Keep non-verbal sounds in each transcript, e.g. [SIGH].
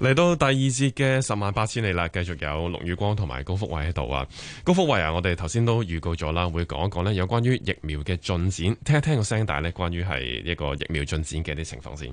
嚟到第二節嘅十萬八千里啦，繼續有龍宇光同埋高福慧喺度啊。高福慧啊，我哋頭先都預告咗啦，會講一講呢有關於疫苗嘅進展，聽一聽個聲帶呢關於係一個疫苗進展嘅啲情況先。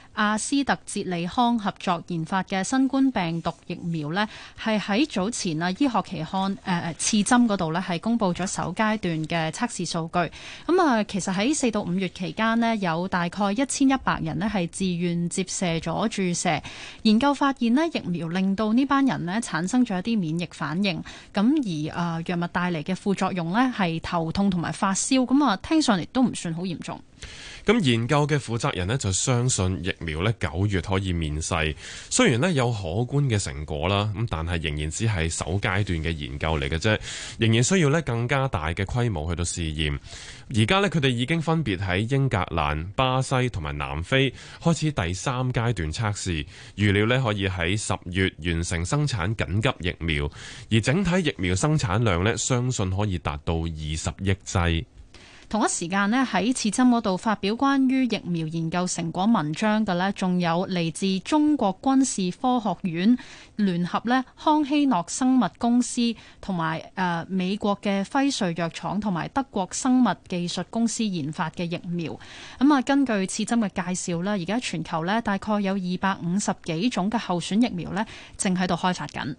阿斯特捷利康合作研發嘅新冠病毒疫苗呢，係喺早前啊醫學期刊誒誒《刺針》嗰度呢，係公布咗首階段嘅測試數據。咁啊、呃，其實喺四到五月期間呢，有大概一千一百人呢係自願接射咗注射。研究發現呢，疫苗令到呢班人呢產生咗一啲免疫反應。咁而啊、呃，藥物帶嚟嘅副作用呢，係頭痛同埋發燒。咁啊，聽上嚟都唔算好嚴重。咁研究嘅負責人呢就相信疫苗呢九月可以面世，雖然呢有可觀嘅成果啦，咁但係仍然只係首階段嘅研究嚟嘅啫，仍然需要呢更加大嘅規模去到試驗。而家呢佢哋已經分別喺英格蘭、巴西同埋南非開始第三階段測試，預料呢可以喺十月完成生產緊急疫苗，而整體疫苗生產量呢相信可以達到二十億劑。同一時間呢，喺刺針嗰度發表關於疫苗研究成果文章嘅呢，仲有嚟自中國軍事科學院聯合呢，康希諾生物公司同埋誒美國嘅輝瑞藥廠同埋德國生物技術公司研發嘅疫苗。咁啊，根據刺針嘅介紹啦，而家全球呢大概有二百五十幾種嘅候選疫苗呢，正喺度開發緊。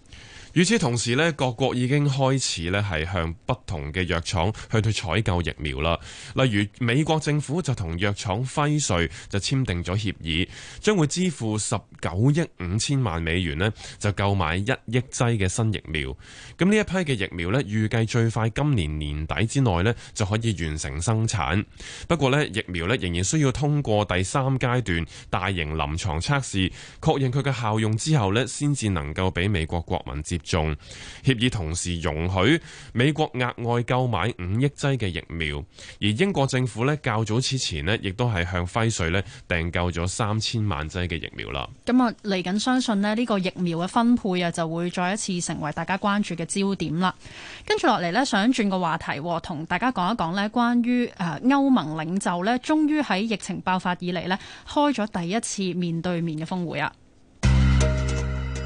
與此同時呢，各國已經開始呢係向不同嘅藥廠去去採購疫苗啦。例如美國政府就同藥廠輝瑞就簽訂咗協議，將會支付十九億五千萬美元呢就購買一億劑嘅新疫苗。咁呢一批嘅疫苗呢預計最快今年年底之內呢就可以完成生產。不過呢，疫苗仍然需要通過第三階段大型臨床測試，確認佢嘅效用之後呢先至能夠俾美國國民接。仲協議同時容許美國額外購買五億劑嘅疫苗，而英國政府咧，較早之前咧，亦都係向輝瑞咧，訂購咗三千萬劑嘅疫苗啦。咁啊嚟緊，相信咧呢個疫苗嘅分配啊，就會再一次成為大家關注嘅焦點啦。跟住落嚟咧，想轉個話題，同大家講一講咧關於誒歐盟領袖咧，終於喺疫情爆發以嚟咧開咗第一次面對面嘅峰會啊！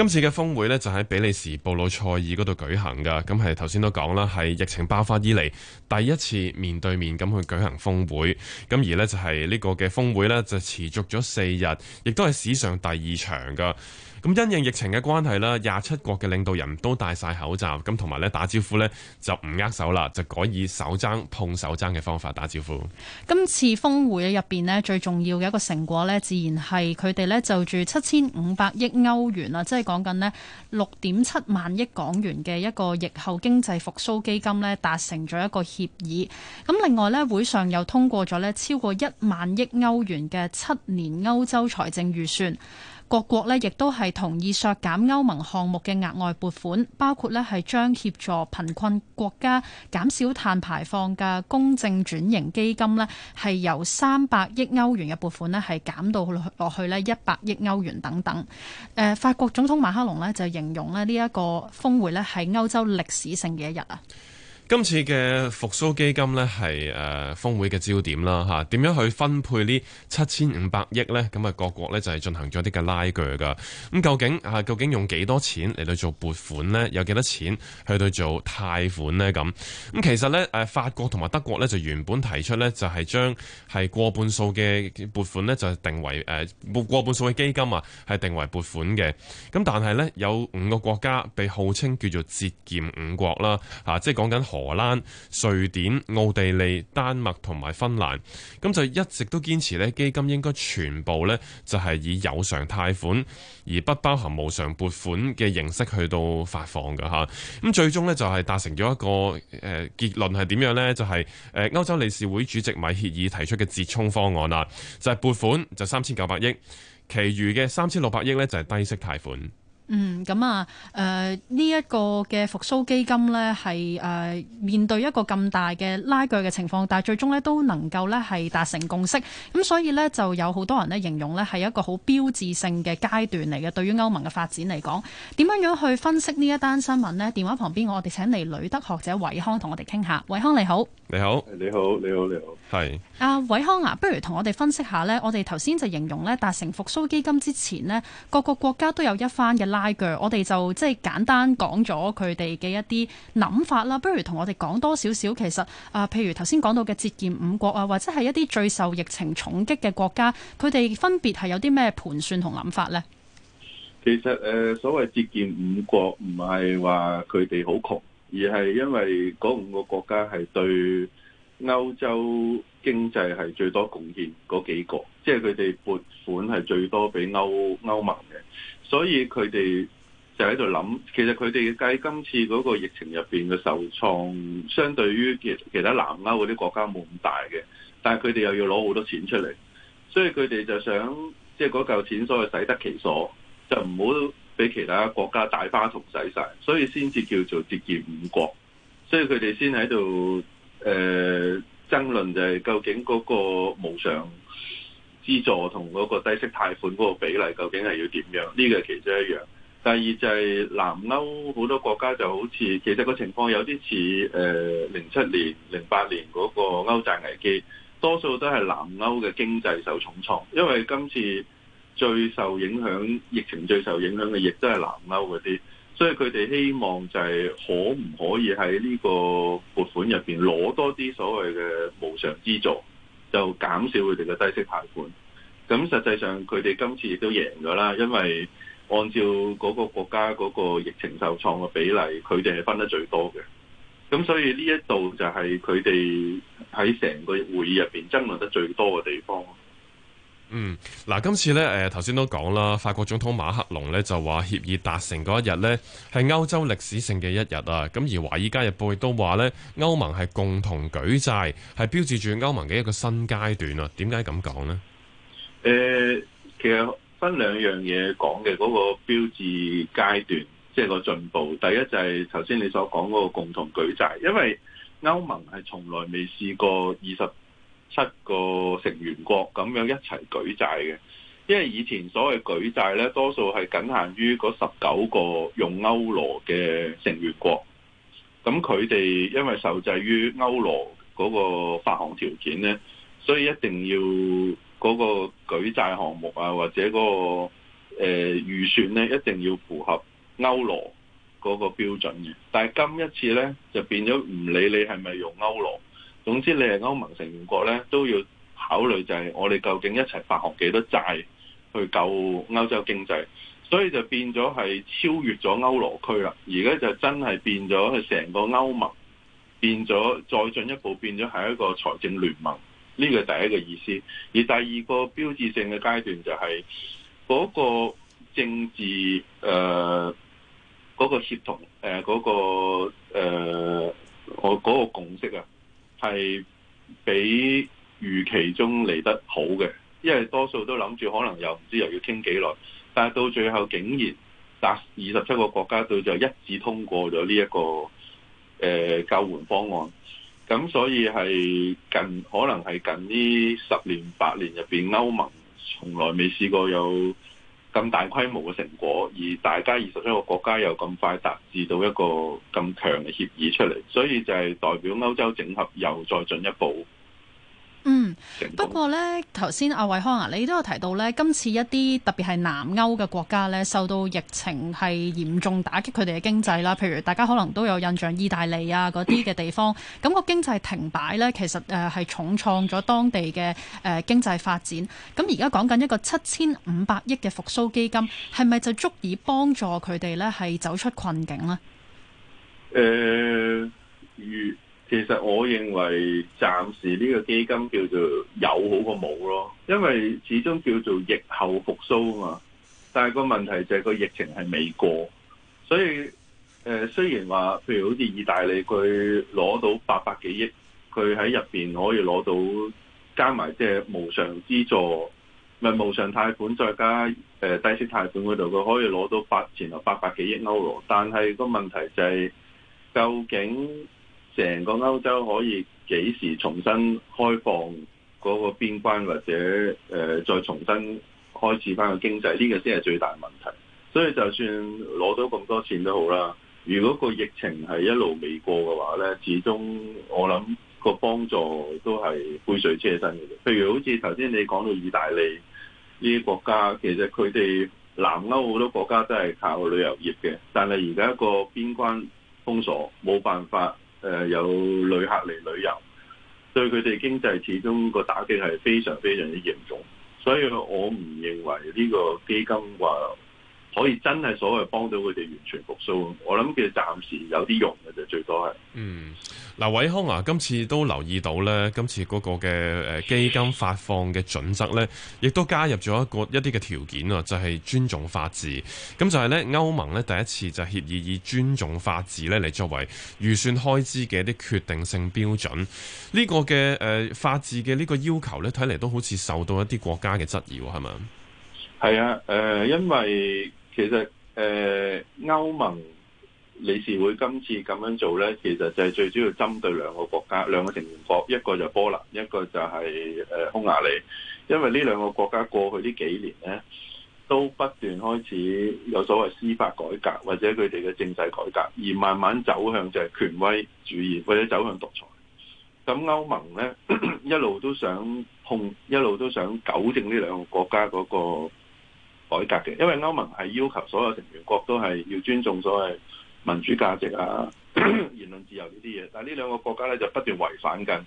今次嘅峰會呢，就喺比利時布魯塞爾嗰度舉行噶，咁係頭先都講啦，係疫情爆發以嚟第一次面對面咁去舉行峰會，咁而呢，就係呢個嘅峰會呢，就持續咗四日，亦都係史上第二長噶。咁因應疫情嘅關係啦，廿七國嘅領導人都戴晒口罩，咁同埋咧打招呼咧就唔握手啦，就改以手踭碰手踭嘅方法打招呼。今次峰會入面呢，最重要嘅一個成果咧，自然係佢哋咧就住七千五百億歐元啊，即係講緊呢六點七萬億港元嘅一個疫後經濟復甦基金咧達成咗一個協議。咁另外咧，會上又通過咗咧超過一萬億歐元嘅七年歐洲財政預算。各國呢亦都係同意削減歐盟項目嘅額外撥款，包括呢係將協助貧困國家減少碳排放嘅公正轉型基金呢係由三百億歐元嘅撥款呢係減到落去呢一百億歐元等等。誒，法國總統馬克龍呢就形容呢呢一個峰會呢係歐洲歷史性嘅一日啊！今次嘅復蘇基金咧，係誒、呃、峰會嘅焦點啦，吓、啊、點樣去分配 7, 呢七千五百億咧？咁啊，各國咧就係進行咗啲嘅拉鋸噶。咁、啊、究竟啊，究竟用幾多錢嚟到做撥款咧？有幾多錢去到做貸款咧？咁咁、啊、其實咧，誒、啊、法國同埋德國咧就原本提出咧，就係將係過半數嘅撥款咧，就係定為誒誒、呃、過半數嘅基金啊，係定為撥款嘅。咁但係咧，有五個國家被號稱叫做節儉五國啦，吓、啊、即係講緊荷蘭、瑞典、奧地利、丹麥同埋芬蘭，咁就一直都堅持呢，基金應該全部呢就係、是、以有償貸款，而不包含無償撥款嘅形式去到發放嘅吓。咁最終呢，就係、是、達成咗一個誒、呃、結論係點樣呢？就係誒歐洲理事會主席米歇爾提出嘅折衷方案啦，就係、是、撥款就三千九百億，其餘嘅三千六百億呢，就係、是、低息貸款。嗯，咁啊，誒呢一個嘅復蘇基金咧，係誒、呃、面對一個咁大嘅拉鋸嘅情況，但係最終咧都能夠咧係達成共識，咁、嗯、所以咧就有好多人咧形容咧係一個好標誌性嘅階段嚟嘅，對於歐盟嘅發展嚟講點樣樣去分析呢一單新聞咧？電話旁邊我哋請嚟旅德學者瑋康同我哋傾下，瑋康你好，你好，你好，你好，你好是，你好、啊，係阿瑋康啊，不如同我哋分析下咧，我哋頭先就形容咧達成復蘇基金之前咧，各個國家都有一番嘅拉。我哋就即係簡單講咗佢哋嘅一啲諗法啦。不如同我哋講多少少，其實啊，譬如頭先講到嘅節儉五國啊，或者係一啲最受疫情重擊嘅國家，佢哋分別係有啲咩盤算同諗法咧？其實誒、呃，所謂節儉五國唔係話，佢哋好窮，而係因為嗰五個國家係對歐洲經濟係最多貢獻嗰幾個，即係佢哋撥款係最多俾歐歐盟嘅。所以佢哋就喺度諗，其實佢哋計今次嗰個疫情入邊嘅受創相對於其其他南歐嗰啲國家冇咁大嘅，但係佢哋又要攞好多錢出嚟，所以佢哋就想即係嗰嚿錢所謂使得其所，就唔好俾其他國家大花筒使晒，所以先至叫做節儉五國，所以佢哋先喺度誒爭論就係究竟嗰個無償。資助同嗰個低息貸款嗰個比例究竟係要點樣？呢個係其中一樣。第二就係南歐好多國家就好似其實個情況有啲似誒零七年、零八年嗰個歐債危機，多數都係南歐嘅經濟受重創，因為今次最受影響、疫情最受影響嘅亦都係南歐嗰啲，所以佢哋希望就係可唔可以喺呢個撥款入邊攞多啲所謂嘅無償資助。就減少佢哋嘅低息貸款，咁實際上佢哋今次亦都贏咗啦，因為按照嗰個國家嗰個疫情受創嘅比例，佢哋係分得最多嘅，咁所以呢一度就係佢哋喺成個會議入面爭論得最多嘅地方。嗯，嗱，今次咧，誒，頭先都講啦，法國總統馬克龍咧，就話協議達成嗰一日咧，係歐洲歷史性嘅一日啊，咁而《華爾街日報》亦都話咧歐盟係共同舉債，係標誌住歐盟嘅一個新階段啊，點解咁講呢？誒、呃，其實分兩樣嘢講嘅嗰個標誌階段，即係個進步。第一就係頭先你所講嗰個共同舉債，因為歐盟係從來未試過二十。七個成員國咁樣一齊舉債嘅，因為以前所謂舉債呢，多數係僅限於嗰十九個用歐羅嘅成員國。咁佢哋因為受制於歐羅嗰個發行條件呢，所以一定要嗰個舉債項目啊，或者嗰個預、呃、預算呢，一定要符合歐羅嗰個標準嘅。但係今一次呢，就變咗唔理你係咪用歐羅。總之，你係歐盟成員國咧，都要考慮就係我哋究竟一齊發行幾多債去救歐洲經濟，所以就變咗係超越咗歐羅區啦。而家就真係變咗，係成個歐盟變咗，再進一步變咗係一個財政聯盟，呢個第一個意思。而第二個標誌性嘅階段就係嗰個政治誒嗰個協同誒嗰個誒我嗰個共識啊。係比預期中嚟得好嘅，因為多數都諗住可能又唔知又要傾幾耐，但係到最後竟然達二十七個國家對就一致通過咗呢一個誒救、呃、援方案，咁所以係近可能係近呢十年八年入邊，歐盟從來未試過有咁大規模嘅成果，而大家二十一個國家又咁快達至到一個咁強嘅協議出嚟，所以就係代表歐洲整合又再進一步。嗯，不過呢，頭先阿瑋康啊，你都有提到呢，今次一啲特別係南歐嘅國家呢，受到疫情係嚴重打擊佢哋嘅經濟啦。譬如大家可能都有印象意大利啊嗰啲嘅地方，咁、嗰個經濟停擺呢，其實誒係、呃、重創咗當地嘅誒、呃、經濟發展。咁而家講緊一個七千五百億嘅復蘇基金，係咪就足以幫助佢哋呢？係走出困境呢？誒、呃，其實我認為暫時呢個基金叫做有好過冇咯，因為始終叫做疫後復蘇啊嘛。但係個問題就係個疫情係未過，所以誒雖然話譬如好似意大利佢攞到八百幾億，佢喺入邊可以攞到加埋即係無償資助，咪無償貸款再加誒低息貸款嗰度，佢可以攞到八前頭八百幾億歐羅。但係個問題就係究竟。成個歐洲可以幾時重新開放嗰個邊關，或者誒再重新開始翻個經濟，呢個先係最大問題。所以就算攞到咁多錢都好啦。如果個疫情係一路未過嘅話呢，始終我諗個幫助都係杯水車薪嘅。譬如好似頭先你講到意大利呢啲國家，其實佢哋南歐好多國家都係靠旅遊業嘅，但係而家個邊關封鎖，冇辦法。誒有旅客嚟旅遊，對佢哋經濟始終個打擊係非常非常之嚴重，所以我唔認為呢個基金話，可以真係所謂幫到佢哋完全復蘇，我諗佢暫時有啲用嘅啫，最多係。嗯，嗱，瑋康啊，今次都留意到咧，今次嗰個嘅誒基金發放嘅準則咧，亦都加入咗一個一啲嘅條件啊，就係、是、尊重法治。咁就係咧，歐盟咧第一次就協議以尊重法治咧嚟作為預算開支嘅一啲決定性標準。呢、這個嘅誒、呃、法治嘅呢個要求咧，睇嚟都好似受到一啲國家嘅質疑，係咪？係啊，誒、呃，因為。其實誒，歐盟理事會今次咁樣做咧，其實就係最主要針對兩個國家，兩個成員國，一個就係波蘭，一個就係誒匈牙利。因為呢兩個國家過去呢幾年咧，都不斷開始有所謂司法改革或者佢哋嘅政制改革，而慢慢走向就係權威主義或者走向獨裁。咁歐盟咧一路都想控，一路都想糾正呢兩個國家嗰個。改革嘅，因為歐盟係要求所有成員國都係要尊重所謂民主價值啊、 [COUGHS] 言論自由呢啲嘢，但係呢兩個國家咧就不斷違反緊，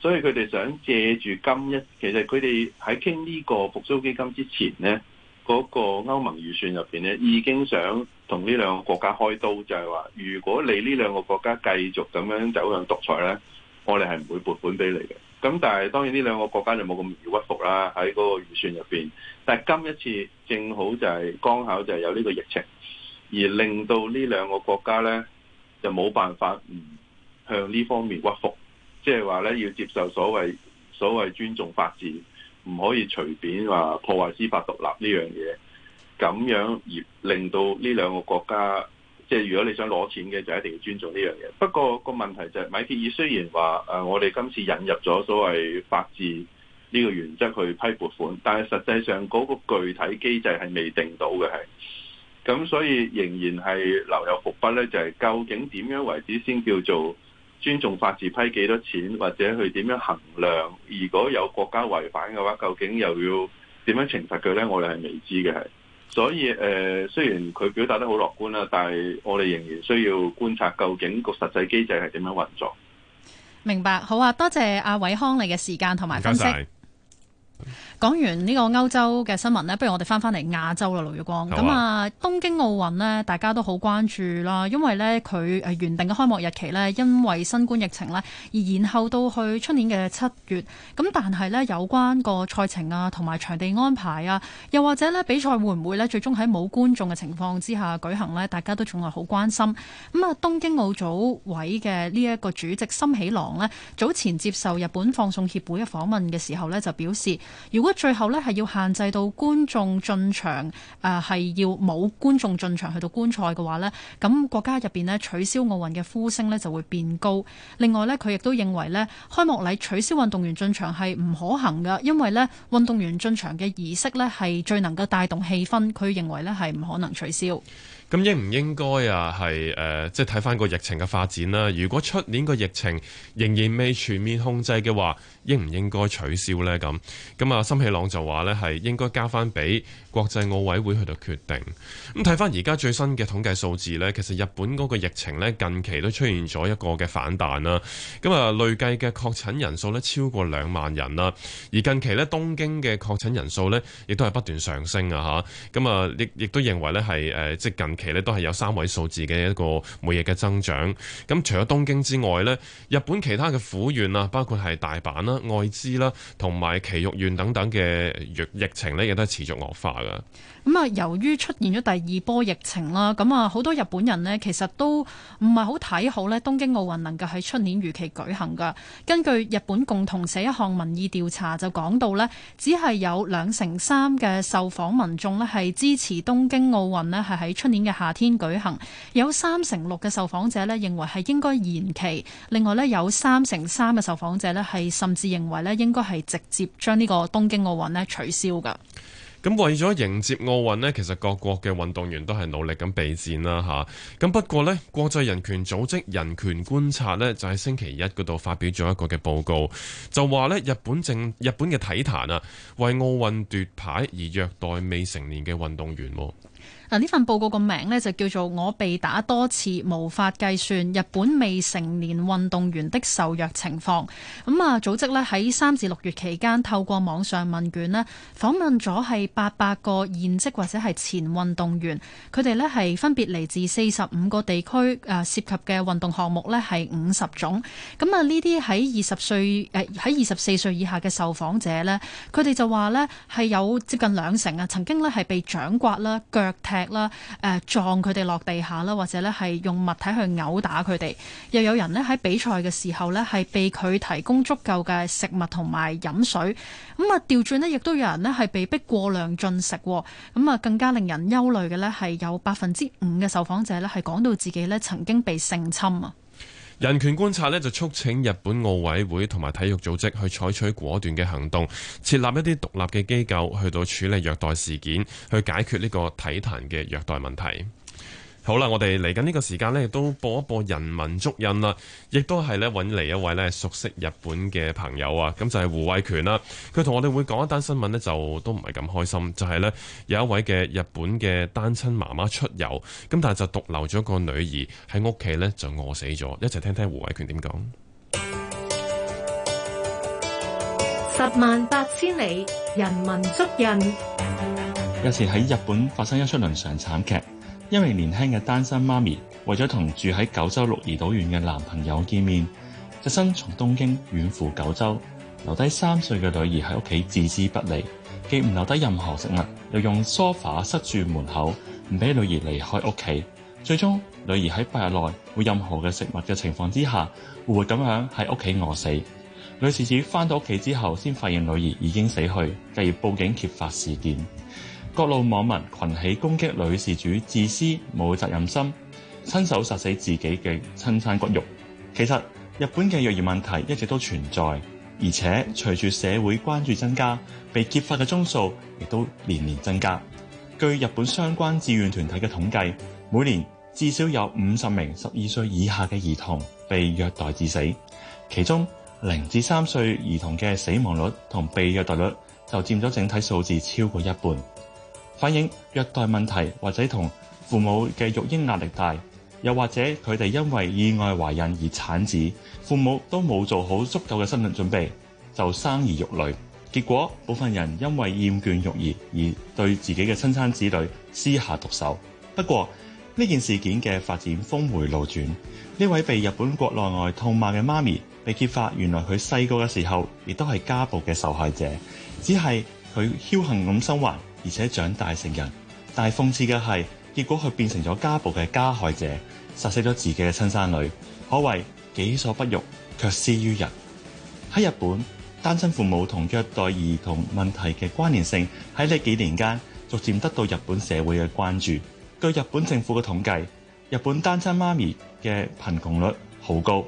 所以佢哋想借住今一，其實，佢哋喺傾呢個復蘇基金之前咧，嗰個歐盟預算入邊咧，已經想同呢兩個國家開刀，就係話如果你呢兩個國家繼續咁樣走向獨裁咧，我哋係唔會撥款俾你嘅。咁但係當然呢兩個國家就冇咁易屈服啦，喺嗰個預算入邊。但係今一次正好就係剛巧就係有呢個疫情，而令到呢兩個國家呢就冇辦法唔向呢方面屈服，即係話呢要接受所謂所謂尊重法治，唔可以隨便話破壞司法獨立呢樣嘢，咁樣而令到呢兩個國家。即係如果你想攞錢嘅，就一定要尊重呢樣嘢。不過個問題就係、是，米歇爾雖然話誒、呃、我哋今次引入咗所謂法治呢個原則去批撥款，但係實際上嗰個具體機制係未定到嘅，係咁，所以仍然係留有伏筆咧，就係、是、究竟點樣為止先叫做尊重法治批幾多錢，或者去點樣衡量？如果有國家違反嘅話，究竟又要點樣懲罰佢咧？我哋係未知嘅係。所以誒、呃，雖然佢表達得好樂觀啦，但係我哋仍然需要觀察究竟個實際機制係點樣運作。明白，好啊，多謝阿瑋康你嘅時間同埋分析。謝謝。講完呢個歐洲嘅新聞呢，不如我哋翻翻嚟亞洲啦，盧月光。咁啊，東京奧運呢，大家都好關注啦，因為呢，佢原定嘅開幕日期呢，因為新冠疫情呢，而延後到去出年嘅七月。咁但係呢，有關個賽程啊，同埋場地安排啊，又或者呢，比賽會唔會呢，最終喺冇觀眾嘅情況之下舉行呢，大家都仲係好關心。咁啊，東京奧組委嘅呢一個主席森喜郎呢，早前接受日本放送協會嘅訪問嘅時候呢，就表示。如果最後呢，係要限制到觀眾進場，呃、係要冇觀眾進場去到觀賽嘅話呢，咁國家入邊取消奧運嘅呼聲呢就會變高。另外呢，佢亦都認為呢，開幕禮取消運動員進場係唔可行嘅，因為呢運動員進場嘅儀式呢係最能夠帶動氣氛，佢認為呢係唔可能取消。咁應唔應該啊？係、呃、誒，即係睇翻個疫情嘅發展啦。如果出年個疫情仍然未全面控制嘅話，應唔應該取消呢？咁咁啊，森喜朗就話呢，係應該交翻俾國際奧委會去度決定。咁睇翻而家最新嘅統計數字呢，其實日本嗰個疫情呢，近期都出現咗一個嘅反彈啦、啊。咁啊，累計嘅確診人數呢，超過兩萬人啦、啊。而近期呢，東京嘅確診人數呢，亦都係不斷上升啊！嚇，咁啊，亦亦都認為呢，係、呃、即近。期咧，都係有三位數字嘅一個每日嘅增長，咁除咗東京之外咧，日本其他嘅府縣啊，包括係大阪啦、愛知啦，同埋埼玉縣等等嘅疫情咧，亦都係持續惡化嘅。咁啊，由於出現咗第二波疫情啦，咁啊，好多日本人咧，其實都唔係好睇好咧，東京奧運能夠喺出年如期舉行噶根據日本共同社一項民意調查就講到咧，只係有兩成三嘅受訪民眾咧係支持東京奧運咧係喺出年嘅夏天舉行，有三成六嘅受訪者咧，認為係應該延期，另外咧有三成三嘅受訪者咧，係甚至認為咧，應該係直接將呢個東京奧運咧取消噶。咁為咗迎接奧運咧，其實各國嘅運動員都係努力咁備戰啦吓。咁不過咧，國際人權組織人權觀察咧就喺星期一嗰度發表咗一個嘅報告，就話咧日本正日本嘅體壇啊，為奧運奪牌而虐待未成年嘅運動員。嗱呢份報告個名呢，就叫做《我被打多次無法計算》，日本未成年運動員的受虐情況。咁啊，組織呢，喺三至六月期間，透過網上問卷呢，訪問咗係八百個現職或者係前運動員，佢哋呢，係分別嚟自四十五個地區，誒涉及嘅運動項目呢，係五十種。咁啊，呢啲喺二十歲誒喺二十四歲以下嘅受訪者呢，佢哋就話呢，係有接近兩成啊曾經呢，係被掌摑啦、腳踢。誒，撞佢哋落地下啦，或者咧係用物體去毆打佢哋，又有人呢喺比賽嘅時候呢，係被佢提供足夠嘅食物同埋飲水，咁啊掉轉呢亦都有人呢係被逼過量進食，咁啊更加令人憂慮嘅呢係有百分之五嘅受訪者呢係講到自己呢曾經被性侵啊。人權觀察呢就促請日本奧委會同埋體育組織去採取果斷嘅行動，設立一啲獨立嘅機構去到處理虐待事件，去解決呢個體壇嘅虐待問題。好啦，我哋嚟緊呢個時間呢，亦都播一播《人文足印》啦，亦都係呢揾，嚟一位呢熟悉日本嘅朋友啊，咁就係胡煒權啦。佢同我哋會講一單新聞呢，就都唔係咁開心，就係呢有一位嘅日本嘅單親媽媽出遊，咁但係就獨留咗個女兒喺屋企呢，就餓死咗。一齊聽聽胡煒權點講。十萬八千里，《人文足印》。日前喺日本發生一出尋常慘劇。一名年輕嘅單身媽咪，為咗同住喺九州鹿兒島縣嘅男朋友見面，隻身從東京遠赴九州，留低三歲嘅女兒喺屋企置之不理。既唔留低任何食物，又用梳化塞住門口，唔俾女兒離開屋企。最終，女兒喺八日內冇任何嘅食物嘅情況之下，活活咁樣喺屋企餓死。女事主翻到屋企之後，先發現女兒已經死去，繼而報警揭發事件。各路網民群起攻擊女事主，自私冇責任心，親手殺死自己嘅親生骨肉。其實日本嘅虐兒問題一直都存在，而且隨住社會關注增加，被揭發嘅宗數亦都年年增加。據日本相關志願團體嘅統計，每年至少有五十名十二歲以下嘅兒童被虐待致死，其中零至三歲兒童嘅死亡率同被虐待率就佔咗整體數字超過一半。反映虐待問題，或者同父母嘅育嬰壓力大，又或者佢哋因為意外懷孕而產子，父母都冇做好足夠嘅心理準備，就生兒育女。結果部分人因為厭倦育兒而，而對自己嘅親生子女施下毒手。不過呢件事件嘅發展峰回路轉，呢位被日本國內外痛罵嘅媽咪被揭發，原來佢細個嘅時候亦都係家暴嘅受害者，只係佢僥幸咁生還。而且長大成人，但係諷刺嘅係，結果佢變成咗家暴嘅加害者，殺死咗自己嘅親生女，可謂己所不欲，卻施於人。喺日本，單親父母同虐待兒童問題嘅關聯性喺呢幾年間逐漸得到日本社會嘅關注。據日本政府嘅統計，日本單親媽咪嘅貧窮率好高，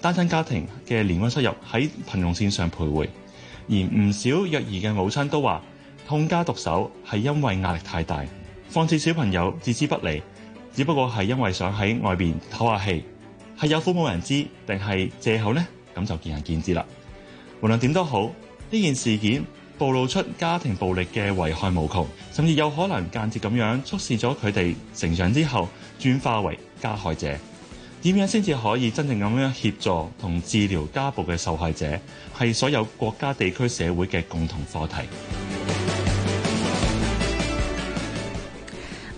單親家庭嘅年均收入喺貧窮線上徘徊，而唔少虐兒嘅母親都話，痛下毒手係因為壓力太大，放置小朋友置之不理，只不過，係因為想喺外邊唞下氣，係有苦冇人知定係借口咧？咁就見仁見智啦。無論點都好，呢件事件暴露出家庭暴力嘅危害無窮，甚至有可能間接咁樣促使咗佢哋成長之後轉化為加害者。點樣先至可以真正咁樣協助同治療家暴嘅受害者，係所有國家地區社會嘅共同課題。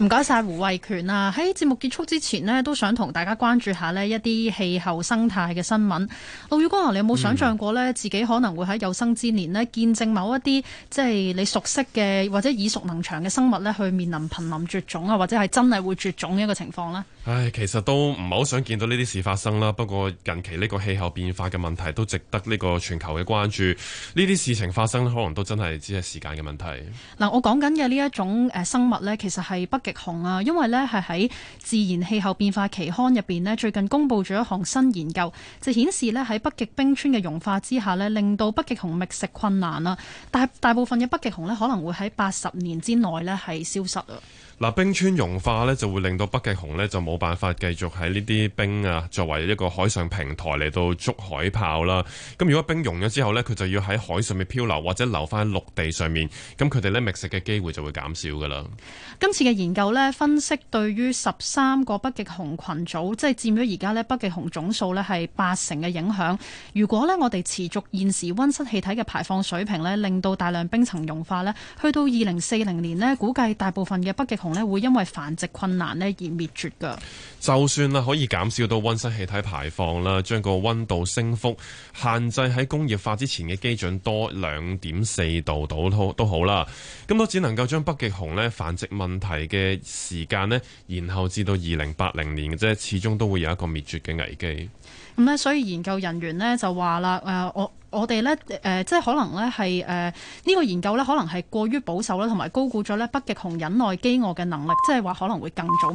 唔該晒胡煒權啊！喺節目結束之前呢，都想同大家關注一下呢一啲氣候生態嘅新聞。陸宇光，你有冇想象過呢？自己可能會喺有生之年呢，見證某一啲即係你熟悉嘅或者耳熟能詳嘅生物呢，去面臨瀕臨絕種啊，或者係真係會絕種嘅一個情況呢？唉，其實都唔係好想見到呢啲事發生啦。不過近期呢個氣候變化嘅問題都值得呢個全球嘅關注。呢啲事情發生，可能都真係只係時間嘅問題。嗱，我講緊嘅呢一種誒生物呢，其實係北極熊啊。因為呢係喺《自然氣候變化期刊》入邊呢，最近公布咗一項新研究，就顯示呢喺北極冰川嘅融化之下呢，令到北極熊覓食困難啦。大大部分嘅北極熊呢，可能會喺八十年之內呢係消失啊。冰川融化咧就會令到北極熊咧就冇辦法繼續喺呢啲冰啊作為一個海上平台嚟到捉海豹啦。咁如果冰融咗之後咧，佢就要喺海上面漂流或者留翻喺陸地上面，咁佢哋咧覓食嘅機會就會減少噶啦。今次嘅研究咧分析對於十三個北極熊群組，即係佔咗而家咧北極熊總數咧係八成嘅影響。如果咧我哋持續現時溫室氣體嘅排放水平咧，令到大量冰層融化咧，去到二零四零年咧，估計大部分嘅北極熊咧會因為繁殖困難咧而滅絕噶，就算啦可以減少到温室氣體排放啦，將個溫度升幅限制喺工業化之前嘅基準多兩點四度都好啦。咁都只能夠將北極熊咧繁殖問題嘅時間咧延後至到二零八零年嘅啫，始終都會有一個滅絕嘅危機。咁咧、嗯，所以研究人員呢就話啦，誒、呃，我。我哋咧，誒、呃、即係可能咧，係誒呢個研究咧，可能係過於保守啦，同埋高估咗咧北極熊忍耐飢餓嘅能力，即係話可能會更早。